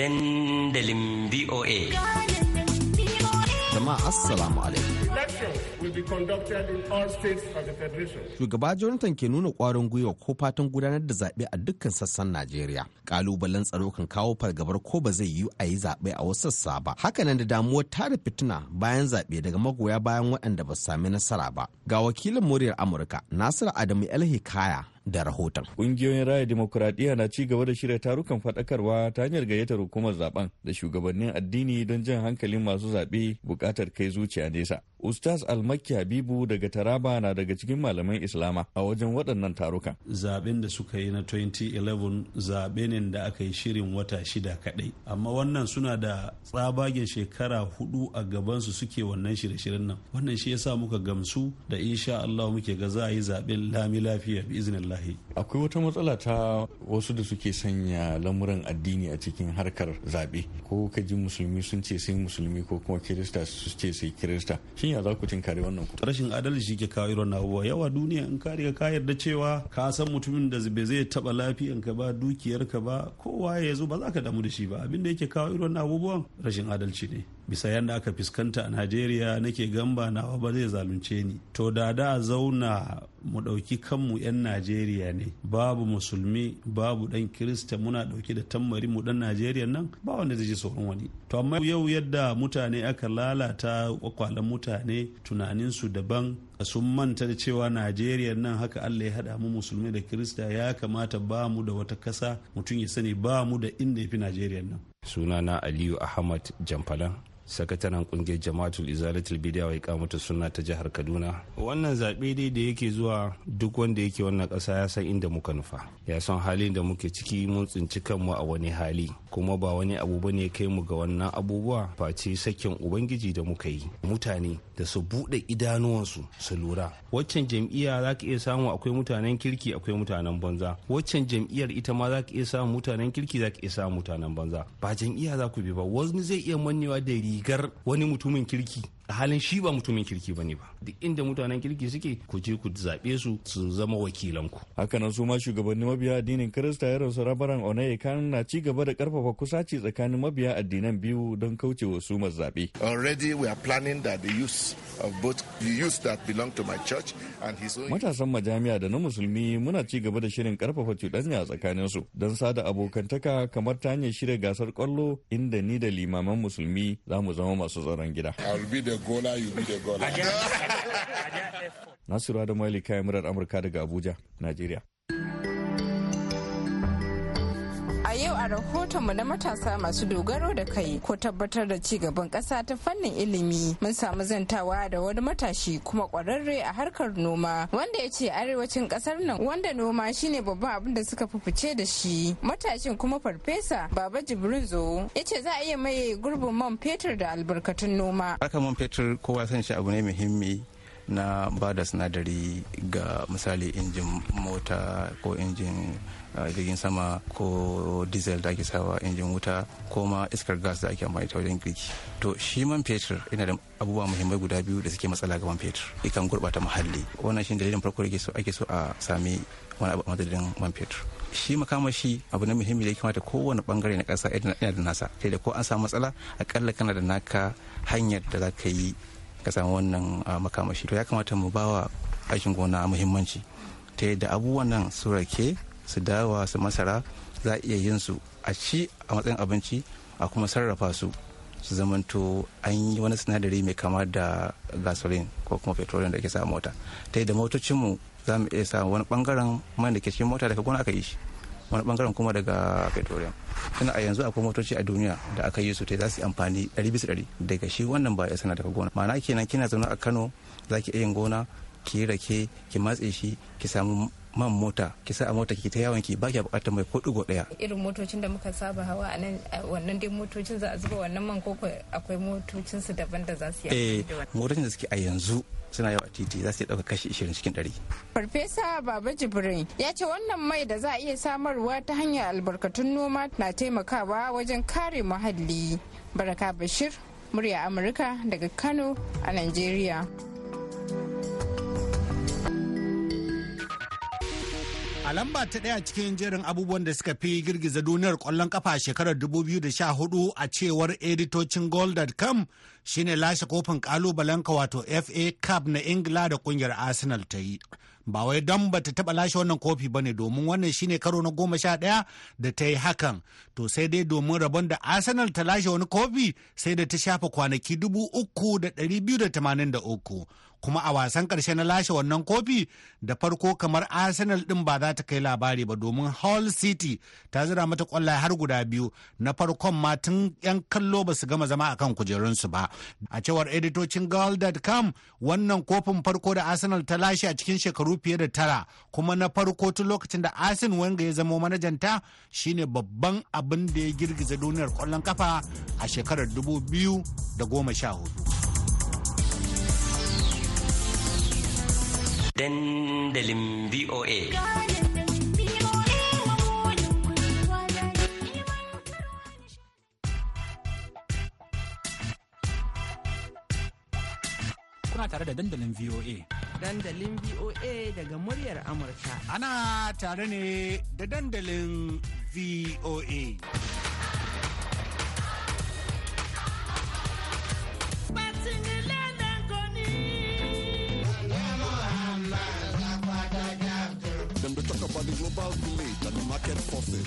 dandalin VOA. Jama'a Assalamu alaikum. Shugaba Jonathan ke nuna ƙwarin gwiwa ko fatan gudanar da zaɓe a dukkan sassan Najeriya. Ƙalubalen tsaro kan kawo fargabar ko ba zai yi a yi zaɓe a wasu sassa ba. Hakanan da damuwar tara fitina bayan zaɓe daga magoya bayan waɗanda ba su sami nasara ba. Ga wakilin muryar Amurka Nasiru Adamu Elhikaya. da rahoton. Ƙungiyoyin raya demokuraɗiyya na ci gaba da shirya tarukan faɗakarwa ta hanyar gayyatar hukumar zaben da shugabannin addini don jan hankalin masu zaɓe buƙatar kai zuciya nesa. Ustaz Almakki Habibu daga Taraba na daga cikin malaman Islama a wajen waɗannan tarukan. Zaɓen da suka yi na 2011 zaɓe ne da aka yi shirin wata shida kaɗai. Amma wannan suna da tsabagen shekara hudu a gabansu suke wannan shirye-shiryen nan. Wannan shi yasa muka gamsu da insha Allah muke ga za a yi zaɓen lami lafiya bi iznillah. akwai wata matsala ta wasu da suke sanya lamuran addini a cikin harkar zaɓe ko ka ji musulmi sun ce sai musulmi ko kuma kirista su ce sai kirista shin ya za ku tinkari wannan ku rashin adalci ke kawo irin abubuwa yawa duniya in ka riga ka yarda cewa ka san mutumin da bai zai taɓa lafiyanka ba dukiyarka ba kowa ya zo ba za ka damu da shi ba abin da yake kawo irin abubuwan rashin adalci ne bisa yadda aka fuskanta a najeriya nake gamba nawa ba zai zalunce ni to da da zauna mu ɗauki kanmu 'yan najeriya ne babu musulmi babu ɗan kirista muna ɗauki da tammari mu ɗan najeriya nan ba wanda zai ji tsoron wani to amma yau yadda mutane aka lalata kwakwalan mutane tunaninsu daban sun manta da cewa najeriya nan haka allah ya haɗa mu musulmi da kirista ya kamata ba mu da wata kasa mutum ya sani ba mu da inda ya fi najeriya nan sunana aliyu ahmad jamfalan sakataren kungiyar jama'atul izalatul bidiya wa ikamata sunna ta jihar kaduna wannan zaɓe dai da yake zuwa duk wanda yake wannan ƙasa ya san inda muka nufa ya san halin da muke ciki mun tsinci kanmu a wani hali kuma ba wani abu ba ne kai mu ga wannan abubuwa face sakin ubangiji da muka yi mutane da su buɗe idanuwansu su lura waccan jam'iyya za ka iya samu akwai mutanen kirki akwai mutanen banza waccan jam'iyyar ita ma za ka iya samu mutanen kirki za iya samu mutanen banza ba jam'iyya za ku bi ba wani zai iya mannewa da rigar wani mutumin kirki a halin shi ba mutumin kirki bane ba duk inda mutanen kirki suke ku je ku zaɓe su su zama wakilanku hakanan su ma shugabannin mabiya addinin kirista ya rasu rabaran onaye kan na ci gaba da karfafa kusaci tsakanin mabiya addinan biyu don kauce wa su zaɓe already we are planning that the use of both the youth that belong to my church and his own matasan majami'a da na musulmi muna ci gaba da shirin karfafa cuɗanya tsakanin su don sada abokantaka kamar ta hanyar shirya gasar kwallo inda ni da limaman musulmi za mu zama masu tsaron gida. gola you be the gola nasiru adamu ali kayan murar amurka daga abuja najeriya A yau a rahotonmu na matasa masu dogaro da kai ko tabbatar da ci gaban ƙasa ta fannin ilimi mun samu zantawa da wani matashi kuma ƙwararre a harkar noma wanda ya ce arewacin ƙasar nan wanda noma shine babban abin da suka fi da shi. Matashin kuma farfesa Baba Jibrin Zo ya ce za a iya maye gurbin man fetur da albarkatun noma. Harkar man fetur kowa san shi abu ne muhimmi na ba da sinadari ga misali injin mota ko injin jirgin sama ko diesel da ake sawa injin wuta ko ma iskar gas da ake amfani ta wajen girki to shi man fetur yana da abubuwa muhimmai guda biyu da suke matsala ga man fetur ikan gurbata muhalli wannan shi dalilin farko da ake so a sami wani abu madadin man fetur shi makamashi abu na muhimmi da ya kamata kowane bangare na ƙasa yana da nasa sai da ko an samu matsala akalla kana da naka hanyar da za ka yi ka samu wannan ah, makamashi to ya kamata mu bawa aikin gona muhimmanci ta yadda abubuwan nan su rake su dawa su masara za a iya yin su a ci a matsayin abinci a kuma sarrafa su su zamanto an yi wani sinadari mai kama da gasoline ko kuma petroleum da ke sa mota ta da motocinmu za mu iya samu wani bangaren man da ke cikin mota daga gona aka yi shi wani bangaren kuma daga petroleum tana a yanzu akwai motoci a duniya da aka yi su ta za su yi amfani 100% daga shi wannan ba ya sana daga gona ma'ana kenan kina zaune a kano za ki iya yin gona ki rake ki matse shi ki samu man mota ki sa a mota ki ta yawon ki ba ki bukatar mai ko digo daya irin motocin da muka saba hawa a nan wannan dai motocin za a zuba wannan man koko akwai motocin su daban da za su yi eh motocin da suke a yanzu suna yawa titi za su dauka kashi 20 cikin 100. Farfesa Baba Jibrin ya ce wannan mai da za a iya samarwa ta hanyar albarkatun noma na taimakawa wajen kare muhalli. Baraka Bashir, murya Amurka daga Kano a Najeriya. A lamba ta ɗaya cikin jerin abubuwan da suka fi girgiza duniyar ƙwallon kafa shekarar 2014 a cewar editocin gold.com shine lashe kofin ƙalubalenka wato FA Cup na Ingila da ƙungiyar Arsenal ta yi. Ba wai don ba ta taɓa lashe wannan kofi ba ne domin wannan shine karo na goma sha ɗaya da ta yi hakan. To sai dai domin rabon da Arsenal ta lashe wani kofi sai da ta shafa kwanaki dubu uku da ɗari biyu da da uku. kuma a wasan karshe na lashe wannan kofi da farko kamar arsenal din ba za ta kai labari ba domin hull city ta zira mata kwallaye har guda biyu na farkon ma tun yan kallo ba su gama zama a akan kujerunsu ba a cewar editocin goal.com wannan kofin farko da arsenal ta lashe a cikin shekaru fiye da tara kuma na farko tun lokacin da Arsenal wanga ya zama manajanta shine babban abin da ya girgiza duniyar kwallon kafa a shekarar dubu biyu da goma sha hudu. dandalin VOA. Kuna tare da dandalin VOA. Dandalin VOA daga muryar Amurka. Ana tare ne da dandalin VOA. global elite and the market forces.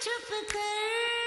चुप कर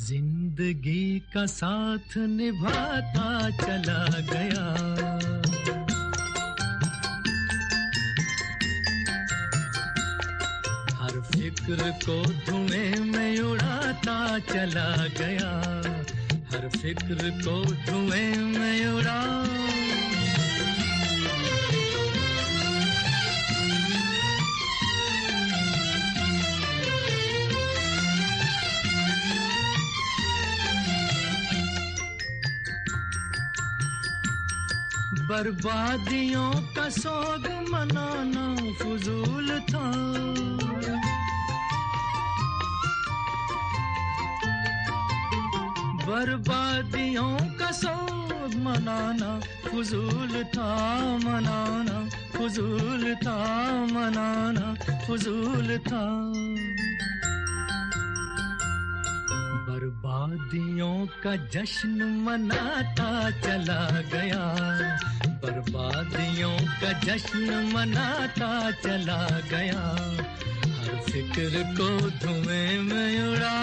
जिंदगी का साथ निभाता चला गया हर फिक्र को धुएं में उड़ाता चला गया हर फिक्र को धुएं में उड़ा बर्बादियों का सोग मनाना फजूल था बर्बादियों का सोग मनाना फजूल था मनाना फजूल था मनाना फजूल था शादियों का जश्न मनाता चला गया बर्बादियों का जश्न मनाता चला गया हर फिक्र को धुएं में उड़ा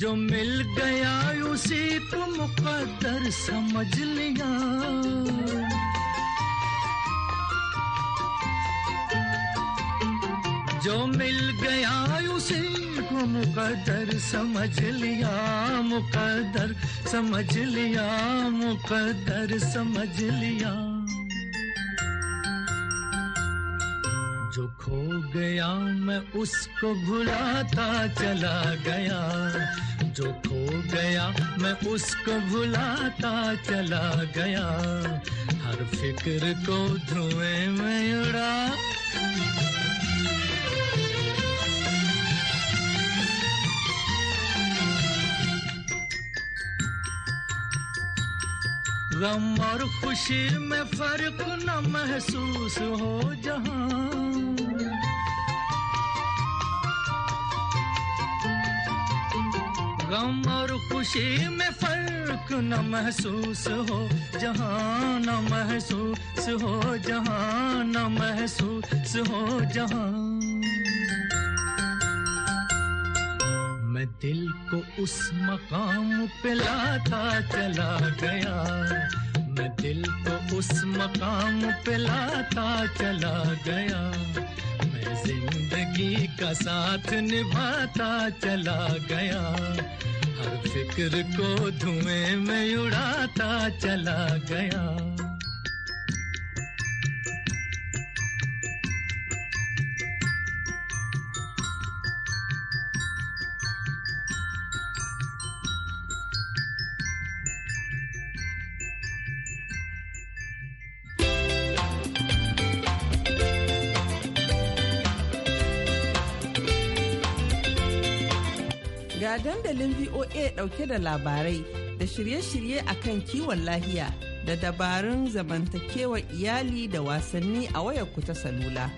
जो मिल गया उसी तो मुकद्दर समझ लिया जो मिल गया उसे को मुकद्दर समझ लिया मुकद्दर समझ लिया मुकद्दर समझ लिया खो गया मैं उसको भुलाता चला गया जो खो गया मैं उसको भुलाता चला गया हर फिक्र को धुएं में उड़ा गम और खुशी में फर्क न महसूस हो जहां गम और खुशी में फर्क न महसूस हो जहाँ न महसूस हो जहाँ न महसूस हो जहाँ मैं दिल को उस मकाम पे लाता चला गया मैं दिल को उस मकाम पे लाता चला गया जिंदगी का साथ निभाता चला गया हर फिक्र को धुएं में उड़ाता चला गया dandalin VOA ɗauke da labarai da shirye-shirye akan kiwon lahiya da dabarun zamantakewar iyali da wasanni a wayarku ta salula.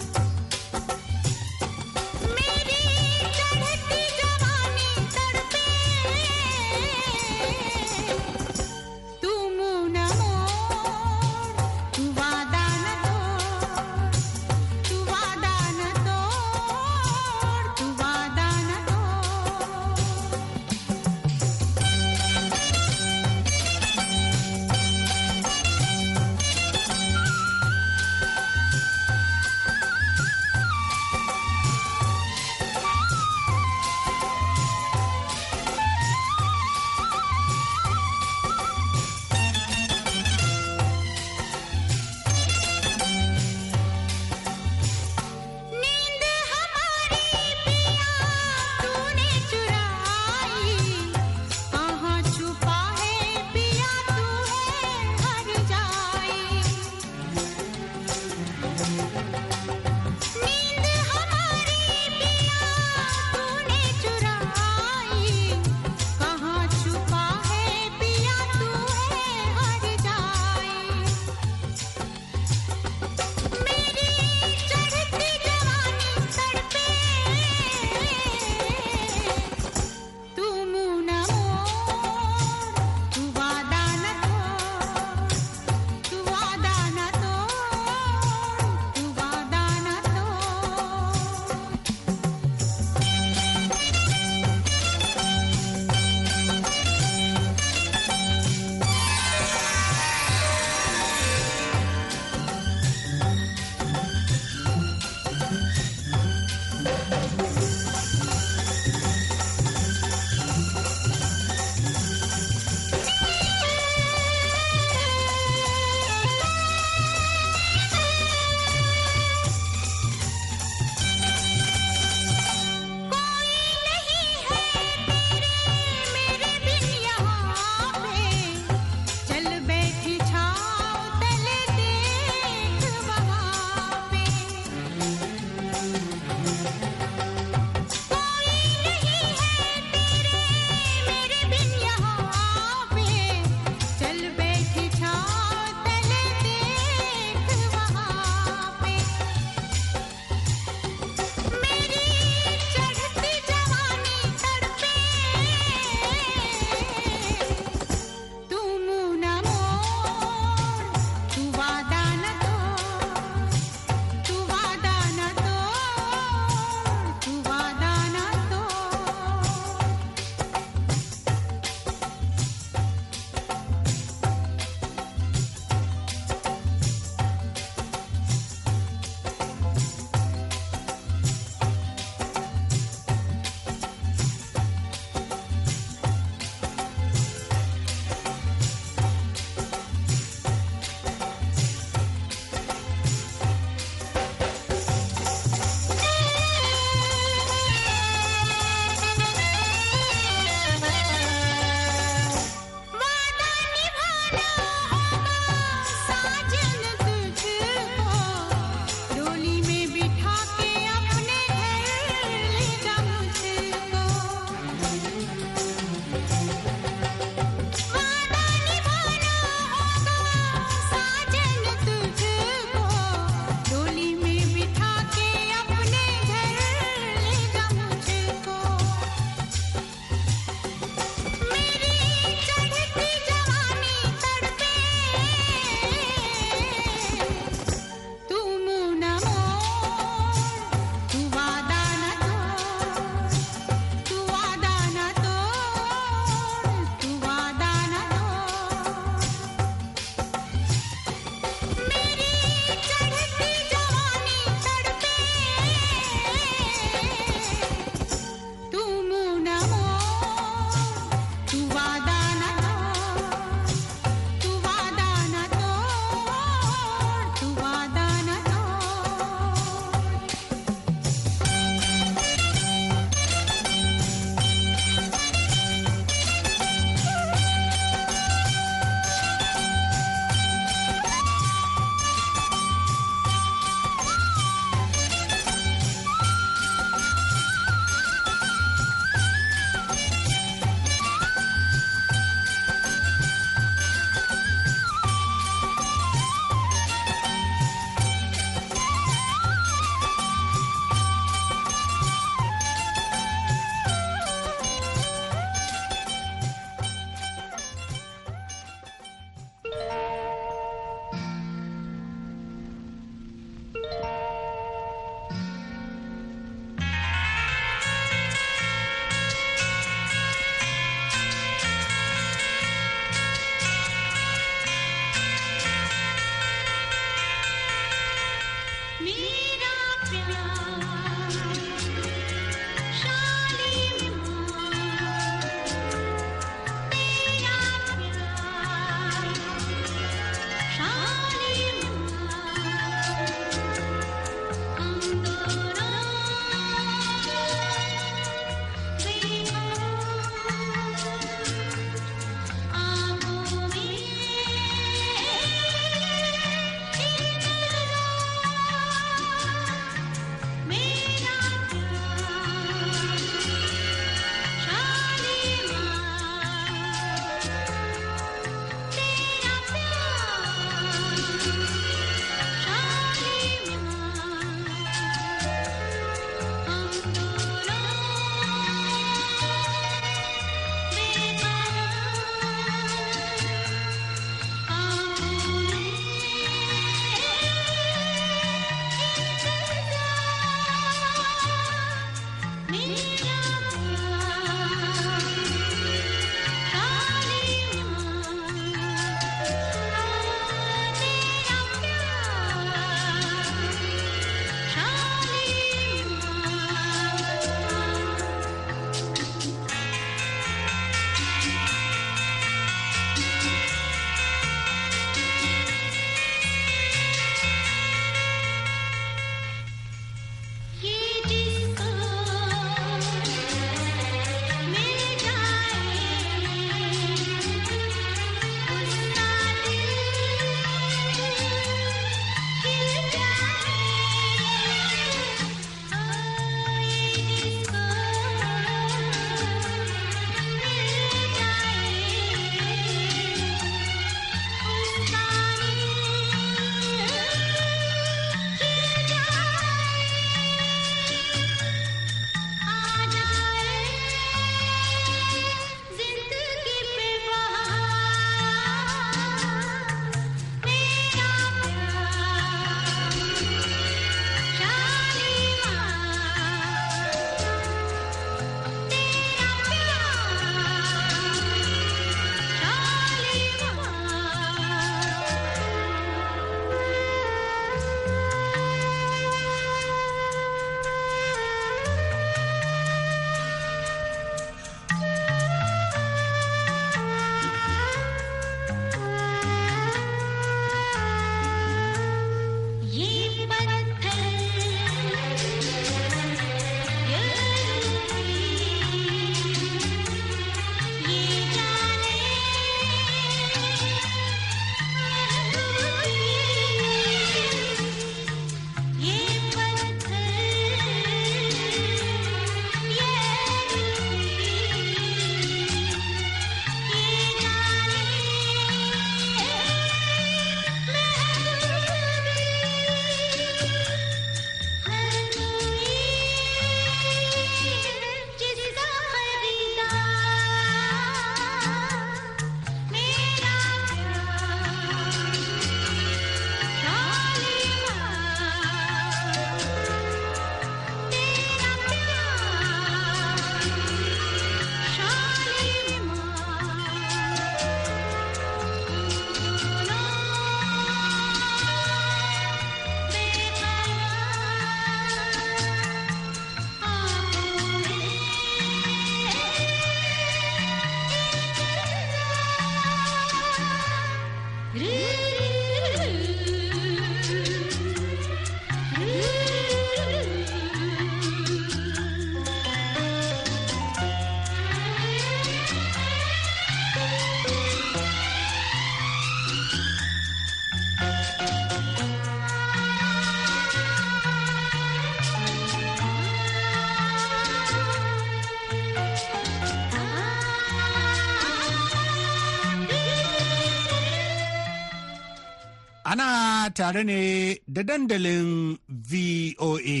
tare ne da dandalin VOA.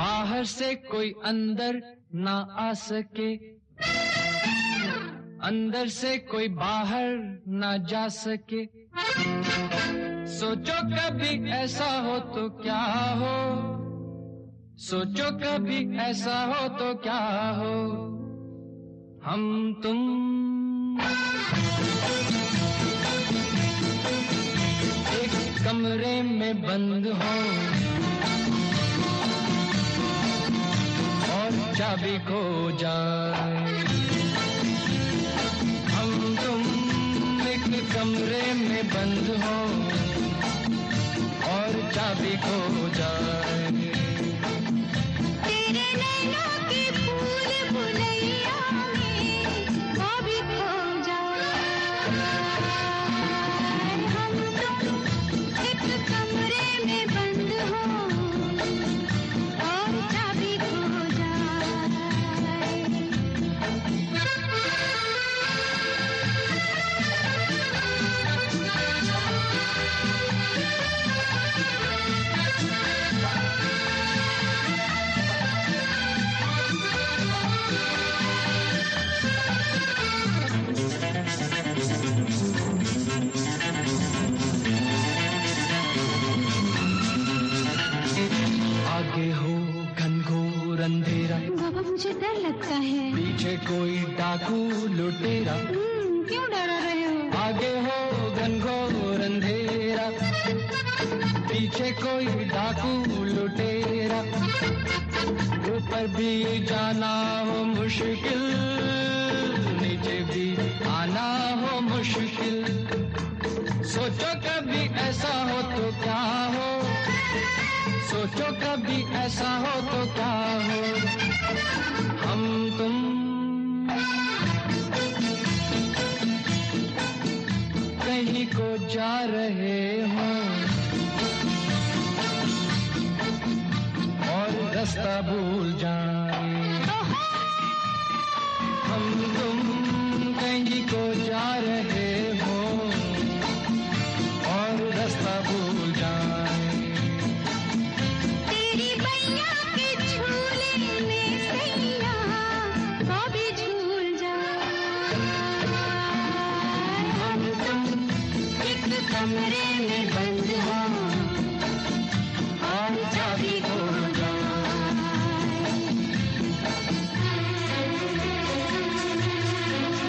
बाहर से कोई अंदर ना आ सके अंदर से कोई बाहर ना जा सके सोचो कभी ऐसा हो तो क्या हो सोचो कभी ऐसा हो तो क्या हो हम तुम कमरे में बंद हो और चाबी खो जाए हम तुम एक कमरे में बंद हो और चाबी खो जाए तेरे नैना सोचो कभी ऐसा हो तो क्या हो सोचो कभी ऐसा हो तो क्या हो हम तुम कहीं को जा रहे हो और रास्ता भूल जाए हम तुम कहीं को जा रहे